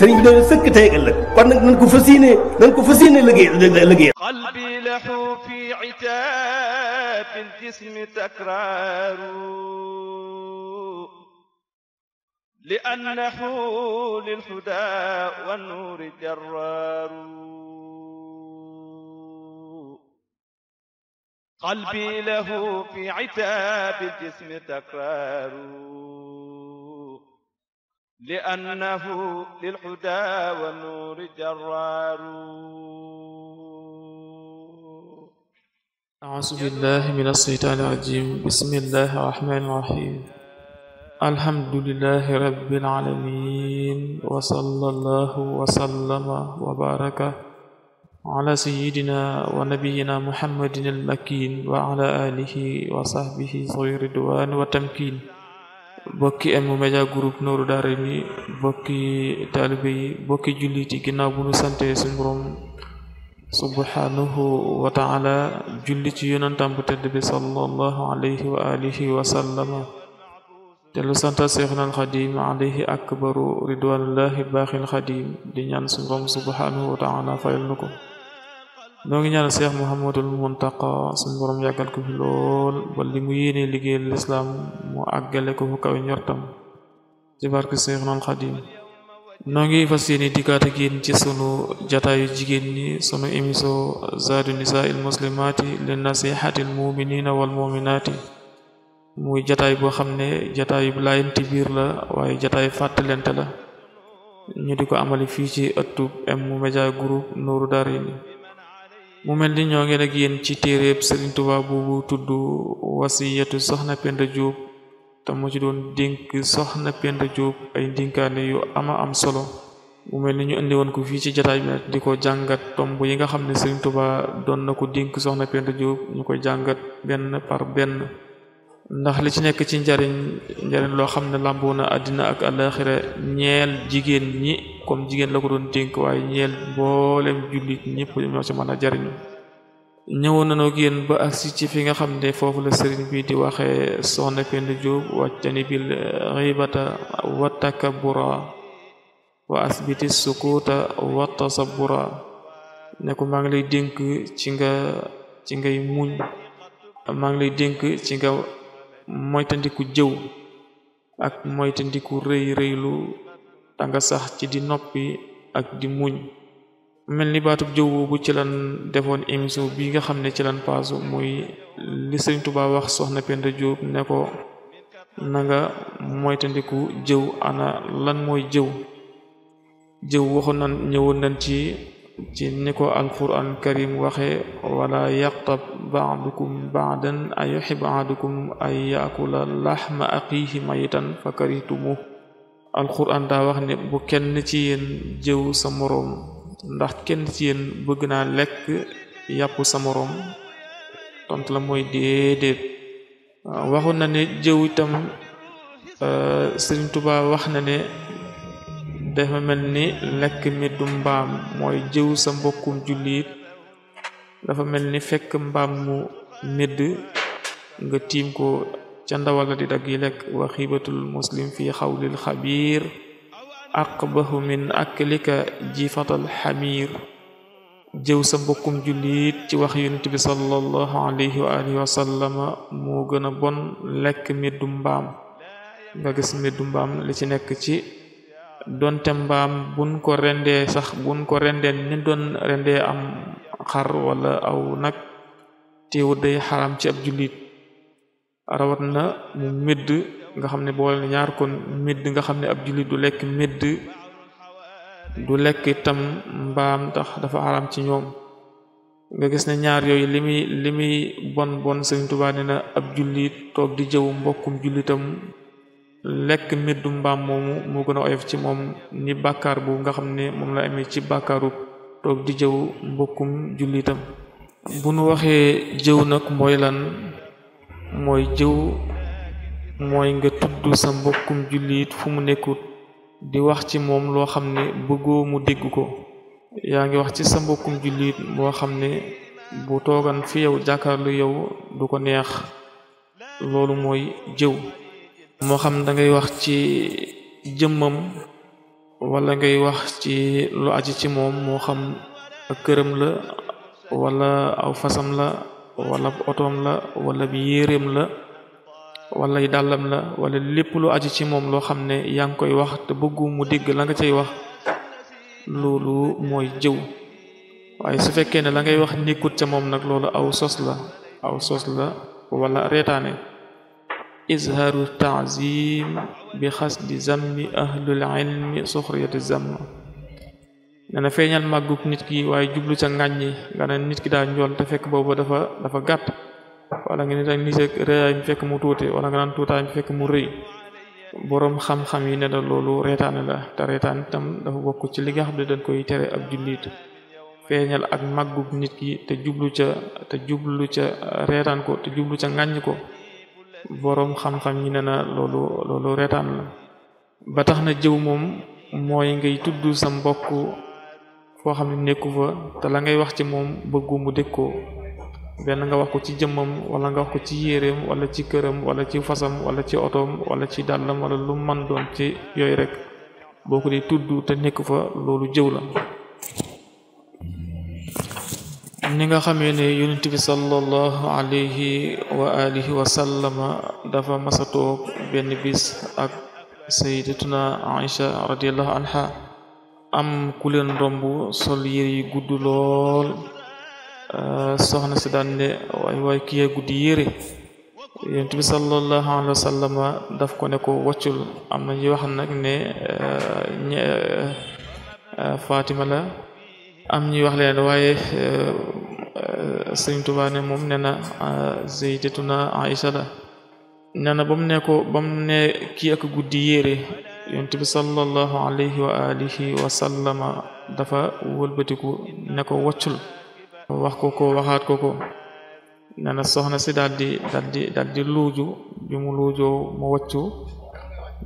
sëriñ bi dañu sëkk tey ëllëg kon nag nañ ko fas yéene nañ ko fas yéene liggéey liggéey qalbi lahu fi itab al-jism takraru li'annahu lil-huda wan-nur jarraru qalbi lahu fi itab al-jism takraru لأنه للحدى والنور جرار أعوذ بالله من الشيطان الرجيم بسم الله الرحمن الرحيم الحمد لله رب العالمين وصلى الله وسلم وبارك على سيدنا ونبينا محمد المكين وعلى آله وصحبه صغير الدوان وتمكين bokki M Media Group Nourou Darayni bokki taalibe yi bokki jullit yi ginnaaw bu nu sante suñu borom subhanahu wa julli ci yonentam bu tedd bi sallallahu alayhi wa alihi wa te lu santa Seexna al Xadim alayhi akbaru ridwanullahi baaxil Xadim di ñaan suñu borom subhanahu wa taala noo ngi ñaanal Cheikh Mouhamadul Muntaqa suñu borom yàggal ko fi lool ba li mu yéene liggéeyal lislaam mu àggale ko fu kaw njortam ci barke Cheikh noon Xadim noo ngi fas yéene dikkaat ak ci sunu jataayu jigéen ñi sunu émission zaadu nisaa il muslimaati li nasihati al muminina wal muminaati muy jataay boo xam ne jataayu laayante biir la waaye jataayu fàttalente la ñu di ko amali fii ci ëttub M Media Group Nourou Darayni mu mel ni ñoo ngeen ak yéen ci téeréeb Sëriñ Tuubaa boobu tudd wasiyatu soxna Penda Diop te moo ci doon dénk soxna Penda Diop ay ndénkaane yu ama am solo mu mel ni ñu indi woon ko fii ci jataay bi di ko jàngat tomb yi nga xam ne Sëriñ tubaa doon na ko dénk soxna Penda Diop ñu koy jàngat benn par benn ndax li ci nekk ci njariñ njariñ loo xam ne làmboo na àddina ak àllaaxira ñeel jigéen ñi comme jigéen la ko doon dénk waaye ñeel mboolem jullit ñëpp ñoo ci mën a jariñu ñëwoon nañu ak ba agsi ci fi nga xam ne foofu la sëriñ bi di waxee soxna Penda Diop wàccani bil xibata wa takabura wa asbiti sukuta wa tasabura ne ko maa ngi lay dénk ci nga ci ngay muñ maa lay dénk ci nga moytandiku jëw ak moytandiku rëy rëylu ta sax ci di noppi ak di muñ mel ni baatub jëw boobu ci lan defoon émission bi nga xam ne ci lan paasu muy li Sëriñ Tuubaa wax soxna Penda Jóob ne ko na moytandiku jëw ana lan mooy jëw jëw waxoon nan ñëwoon nan ci ci ni ko alquran karim waxe wala yaqtab ba'dukum ba'dan ayuhibbu ahadukum ay yakula lahma aqihi maytan fakarihtumuh alquran daa wax ne bu kenn ci yéen jëw sa moroom ndax kenn ci yéen bëgg naa lekk yàpp sa moroom tontu la mooy déedéet waxu ne jëw itam euh, Sëriñ Tuubaa wax ne dafa mel ni lekk meddu mbaam mooy jëw sa mbokkum jullit dafa mel ni fekk mbaam mu medd nga tiim ko ca ndawal la di dagg yi lekk wa muslim fi xawlil xabiir aqbahu min aklika jifatal xamiir jëw sa mbokkum jullit ci wax yonent bi sallallahu alayhi wa alihi wa moo gën a bon lekk meddu mbaam nga gis meddu mbaam li ci nekk ci donte mbaam buñ ko rendee sax buñ ko rendee ni doon rendee am xar wala aw nag teewu day xaram ci ab jullit rawat na mu mëdd nga xam ne boole ñaar kon mëdd nga xam ne ab jullit du lekk mëdd du lekk itam mbaam tax dafa xaram ci ñoom nga gis ne ñaar yooyu li muy li muy bon bon Sëriñ Tuubaa na ab jullit toog di jëw mbokkum jullitam lekk meddu mbaam moomu moo gën a oyof ci moom ni bàkkaar bu nga xam ne moom la amee ci bàkkaaru toog di jëw mbokkum jullitam bu nu waxee jëw nag mooy lan mooy jëw mooy nga tudd sa mbokkum jullit fu mu nekkut di wax ci moom loo xam ne bëggoo mu dégg ko yaa ngi wax ci sa mbokkum jullit moo xam ne bu toogan fi yow jàkkaarlu yow du ko neex loolu mooy jëw moo xam da ngay wax ci jëmmam wala ngay wax ci lu aji ci moom moo xam këram la wala aw fasam la wala otoom la wala bi yéreem la wala dàllam la wala lépp lu aji ci moom loo xam ne yaa ngi koy wax te bëggu mu dégg la nga cay wax loolu mooy jëw waaye su fekkee ne la ngay wax nekkut ca moom nag loolu aw sos la aw sos la wala reetaane izharu taazim bi xasdi zammi ahlul ilmi suxriyati zamm nee na feeñal màggug nit ki waaye jublu ca ngàññi nga ne nit ki daa njool te fekk boobu dafa dafa gàtt wala nga ne daa nise réyaay mi fekk mu tuuti wala nga naan tuutaay mi fekk mu rëy boroom xam-xam yi ne da loolu reetaane te reetaan itam dafa bokk ci li nga xam ne dañ koy tere ab jullit feeñal ak màggug nit ki te jublu ca te jublu ca reetaan ko jublu ca ngàññ ko boroom xam-xam ñi ne na loolu loolu reetaan la ba tax na jëw moom mooy ngay tudd sa mbokk foo xam ne nekku fa te la ngay wax ci moom ba mu dégg ko benn nga wax ko ci jëmmam walla nga wax ko ci yéreem walla ci këram wala ci fasam wala ci otoom wala ci dàllam wala lu man doon ci yooyu rek boo ko dee tudd te nekk fa loolu jëw la ni nga xamee ne yonent bi sallallahu alayhi wa alihi wa sallama dafa masa toog benn bis ak sayyidatuna Aisha radiyallahu anha am ku leen romb sol yére yu gudd lool euh, soxna si daan ne waay waay kiyee guddi yére yonent alayhi wa sallama daf ko ne ko waccul am na ñuy ne euh, euh, Fatima am ñuy wax leen waaye euh, Sëriñ Tuubaa ne moom nee na euh, Sayyidatuna Aïcha la nee na ba mu ne ko ba ne kii ak guddi yére yonent bi sallallahu alayhi wa alihi wa dafa wëlbatiku ne ko waccul wax ko ko waxaat ko ko nee na soxna si daal di daal luuju bi luujoo mu waccu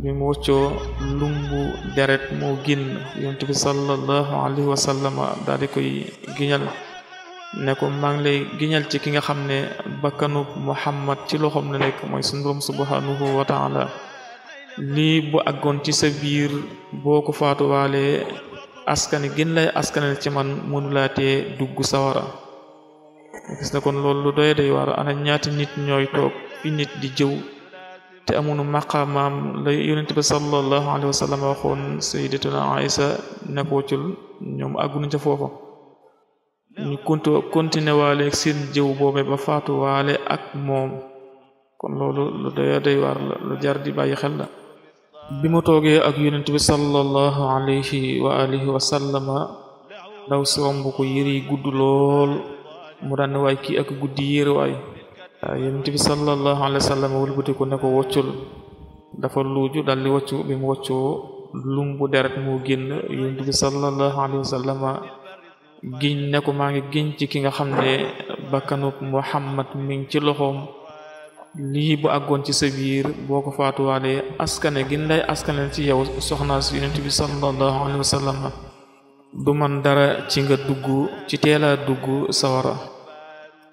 bi mu wëccoo lumbu deret moo génn yonent bi sallallahu alayhi wa daal di koy giñal ne ko maa ngi lay giñal ci ki nga xam ne bakkanub Muhammad ci loxoom la nekk mooy sunu Boroom subhanahu wa taala lii bu àggoon ci sa biir boo ko faatuwaalee askani gën lay askanel ci man mënulaa mënulaatee dugg sawara gis na kon loolu lu doy day war ana ñaati nit ñooy toog fi nit di jëw te amunu maqaamaam lay yonent bi sallallahu alayhi wa sallam waxoon sayyidatuna Aïsa nekkootul ñoom àgguñu ca foofa ñu kontu continuer waale ak seen jëw boobe ba faatu waale ak moom kon loolu lu doy waar la lu jar di bàyyi xel la bi mu toogee ak yonent bi sallallahu alayhi wa alihi wa sallama ndaw si romb ko gudd lool mu daan waay kii ak guddi yére waay yonent bi sallallahu alayhi wa sallam wëlbatiku ne ko woccul dafa luuju di woccu bi mu woccoo lum bu deret moo génn yonent bi sallallahu alayhi wa sallam giñ ne maa ngi giñ ci ki nga xam ne bakkanu Muhammad mi ngi ci loxoom lii bu àggoon ci sa biir boo ko faatuwaalee askane gin lay askane ci yow soxna si yonent bi sallallahu dara ci nga dugg ci teelaa dugg sawara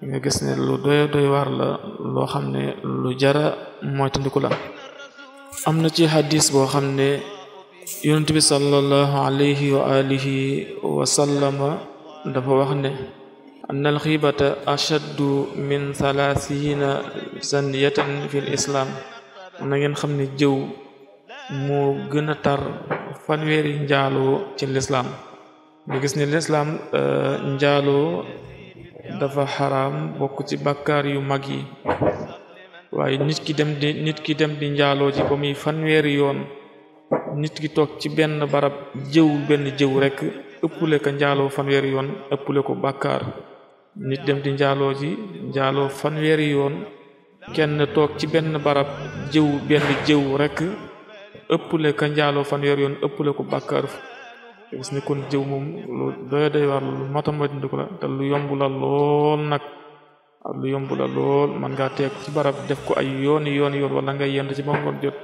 nga gis ne lu doy doy waar la loo xam ne lu jara moytandiku la am na ci hadis boo xam ne yonent bi sallallahu alayhi wa alihi wa sallama dafa wax ne an alxiibata ashaddu min na ngeen xam ne jëw moo gën a tar fanweeri njaaloo ci lislaam nga gis ne lislaam euh, njaaloo dafa xaram bokk ci bàkkaar yu mag yi waaye nit ki dem di nit ki dem di njaaloo ji ba muy fanweeri yoon nit ki toog ci benn barab jëw benn jëw rekk ëppule ko njaaloo fanweeri yoon ëppule ko bàkkaar nit dem di njaaloo ji njaaloo fanweeri yoon kenn toog ci benn barab jëw benn jëw rek ëppule ko njaaloo fanweeri yoon ëppule ko gis ne kon jëw moom lu doy doy war lu matam moytandiku la te lu yomb la lool nag lu yomb la lool man ngaa teeku ci barab def ko ay yooni yooni yoon wala nga yend ci ba ngoon jot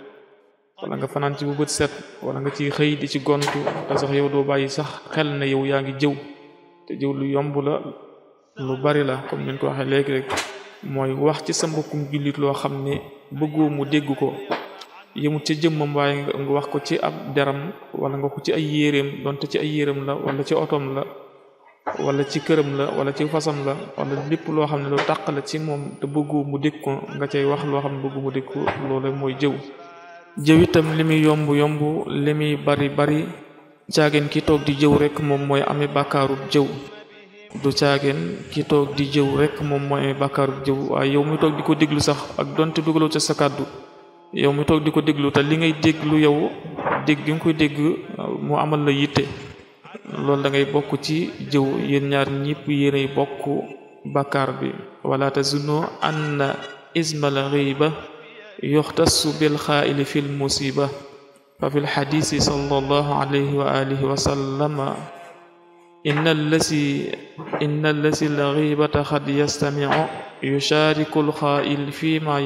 wala nga fanaan ci bu bët set wala nga ci xëy di ci gontu te sax yow doo bàyyi sax xel na yow yaa ngi jëw te jëw lu yomb la lu bari la comme ñu ko waxee léegi rek mooy wax ci sa mbokkum jullit loo xam ne bëggoo mu dégg ko yëmut ci jëmmam waaye nga wax ko ci ab deram wala nga ko ci ay yéreem donte ci ay yéreem la wala ci otom la wala ci këram la wala ci fasam la wala lépp loo xam ne lu tàq la ci moom te bëggu mu dégg ko nga cay wax loo xam ne bëggu mu dégg ko loolu mooy jëw jëw itam li muy yomb yomb li muy bari bari caageen ki toog di jëw rekk moom mooy amee bàkkaarub jëw du caageen ki toog di jëw rek moom mooy amee bàkkaarub jëw waaye yow muy toog di ko déglu sax ak donte dugaloo ca sa kàddu yow mi toog di ko déglu te li ngay déglu yow dégg gi nga koy dégg mu amal la yitte loolu dangay bokk ci jëw yéen ñaar ñëpp yéenay bokk bakkaar bi wala tazunnu anna ismal ghiba yuxtassu bil xaa'ili fil musiba fa fil xadiisi sallallahu alayhi wa alihi wa sallama inna allasi inna allasi al ghibata xad yastamicu yushaariku al xaa'il fi ma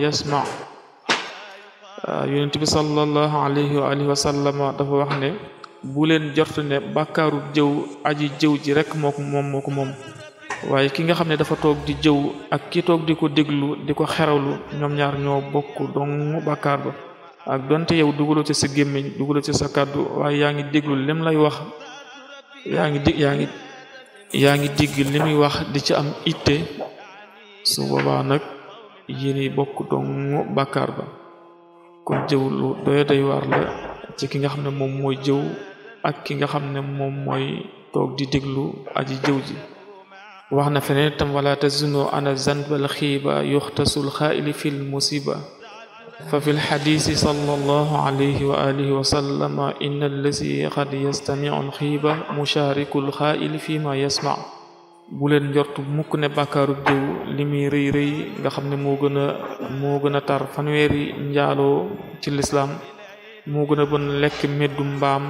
Euh, yonent bi sallallahu alayhi wa alihi wa sallam dafa wax ne bu leen jort ne bàkkaaru jëw aji jëw ji rek moo ko moom moo ko moom waaye ki nga xam ne dafa toog di jëw ak ki toog di ko déglu di ko xerawlu ñoom ñaar ñoo bokk dong bàkkaar ba ak donte yow dugaloo ci sa gémmiñ dugaloo ci sa kàddu waaye yaa ngi déglu lim lay wax yaa ngi dig yaa ngi yaa ngi digg li muy wax di ci am itte su boobaa nag yéen bokk dong bàkkaar ba kon jëw lu doya day waar ki nga xam ne moom mooy jëw ak ki nga xam ne moom mooy toog di déglu aji jëw ji wax na feneen tam wala tazunu ana zanbal xiiba yuxtasul xaaili fil musiba fa fi lxadisi sallallahu alihi wa sallama inna allazi qad yastamiu alxiiba mushaariku alxaaili fi ma bu leen njort mukk ne bàkkaaru jëw li muy rëy rëy nga xam ne moo gën a moo gën a tar fanweeri njaaloo ci lislaam moo gën a bon lekk meddu mbaam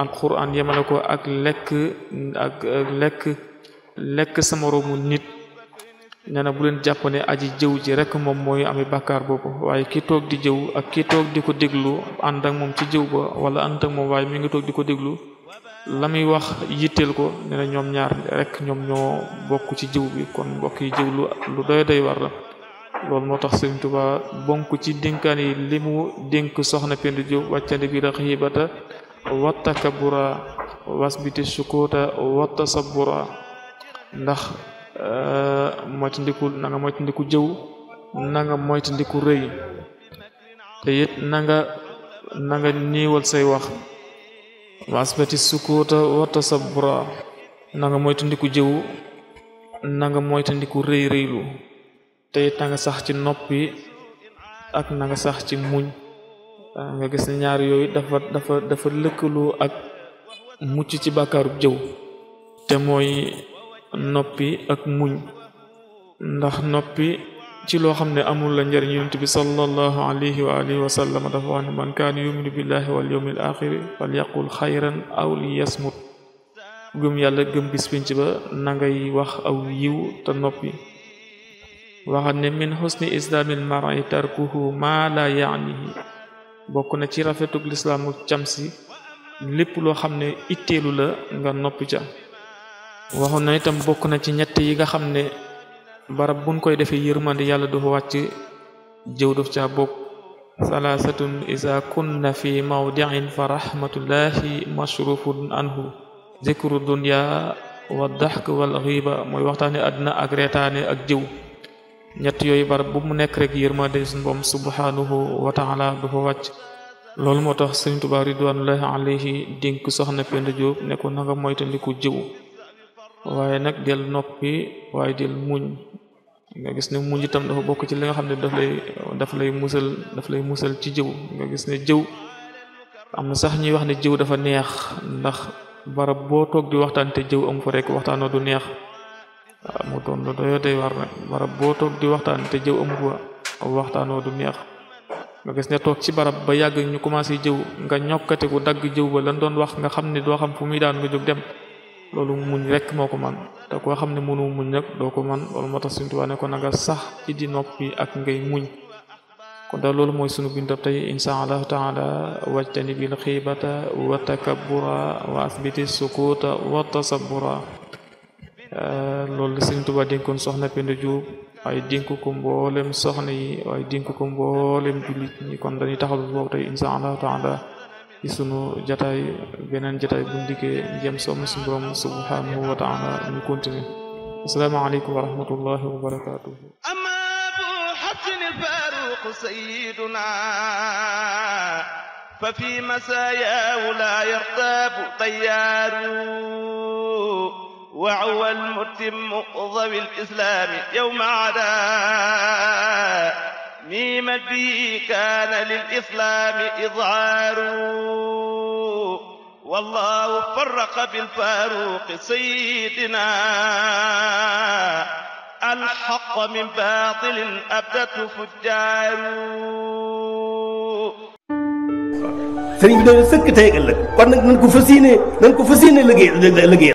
alquran yemale ko ak lekk ak lekk lekk sama moroomu nit nee na bu leen jàpp ne aji jëw ji rek moom mooy ami bàkkaar boobu waaye ki toog di jëw ak ki toog di ko déglu ànd ak moom ci jëw ba wala ànd ak moom waaye mi ngi toog di ko déglu la muy wax yitteel ko ne ñoom ñaar rek ñoom ñoo bokk ci jiw bi kon mbokk yi jiw lu lu doy doy war la loolu moo tax Sëriñ Tuubaa bonk ci dénkaan yi li mu dénk soxna Penda Jóob wàccande bi raxiibata wa takabura wasbiti sukuuta wa tasabura ndax euh, moytandiku na nga moytandiku jëw na nga moytandiku rëy te it na nga na nga niiwal say wax wasbati sukuuta wata sabra na nga moytandiku jëwu na nga moytandiku rëy rëylu tey na sax ci noppi ak nanga sax ci muñ ah, nga gis ne ñaar yooyu dafa dafa dafa lëkkaloo ak mucc ci bàkkaarub jëw te mooy noppi ak muñ ndax noppi ci loo xam ne amul la njëriñ yonent bi sallallahu alayhi wa alihi wa sallam dafa wax ne man kaana yuminu billahi wal yawmil axiri xayran aw liyasmut gëm yàlla gëm bis pinc ba nangay wax aw yiw te noppi waxat ne min xusni islaamil mar'i tarkuhu maa la yaanihi bokk na ci rafetuk lislaamu cam si lépp loo xam ne itteelu la nga noppi ca waxoon na itam bokk na ci ñett yi nga xam ne bara buñ koy defee yërmande yàlla du fa wàcc jëw daf caa bokk salaasatun isa kunna fi mawdi'in fa rahmatullahi mashrufun anhu zikru dunya wa daxk wal ghiba mooy waxtaane àddina ak ak jiw ñett yooyu barab bu mu nekk rek yërmande suñ boom subhanahu wa taala du fa wàcc loolu moo tax Sëriñ Tuubaa ridwanullahi alayhi dénk soxna Penda Jóob ne ko nanga moytandiku jëw waaye nag del noppi waaye del muñ nga gis ne muñ itam dafa bokk ci li nga xam ne daf lay daf lay musal daf lay musal ci jëw nga gis ne jëw am na sax ñuy wax ne jëw dafa neex ndax barab boo toog di waxtaan te jëw am fa rek waxtaanoo du neex waaw mu day war barab boo toog di waxtaan te jëw amu fa waxtaanoo du neex nga gis ne toog ci barab ba yàgg ñu commencé jëw nga ñokkate ku dagg jëw ba lan doon wax nga xam ne doo xam fu muy daan nga jóg dem loolu muñ rek moo ko man te koo xam ne mënu muñ rek doo ko man loolu moo tax Sëriñ Tuubaa ne ko na sax ci di noppi ak ngay muñ kon daal loolu mooy sunu bindab tey insha allahu taala wajtani bil xiibata wa takabbura wa asbiti sukuta wa tasabbura loolu Sëriñ Tuubaa dénkoon soxna Penda Diop waaye dénk ko mboolem soxna yi waaye dénk ko mboolem jullit ñi kon dañuy taxaw boobu tey insha allahu taala ci sunu jataay beneen jataay bu ndikkee jëm somm suñu borom subhanahu wa taala ñu continuer assalamu alaykum wa rahmatullahi wa barakatuh amma bu haqqin faruq sayyiduna fa fi masaya la yartab tayyaru وعوى المتم ضوي الإسلام يوم عدا niima bi kaana lil islaami izhaaru wallaahu farraqa bil faaruqi sayyidina alxaqa min baatilin abdatu fujjaaru. sëriñ bi de sëkk tey ëllëg kon nag nañ ko fas yéene nañ ko fas yéene liggéey liggéey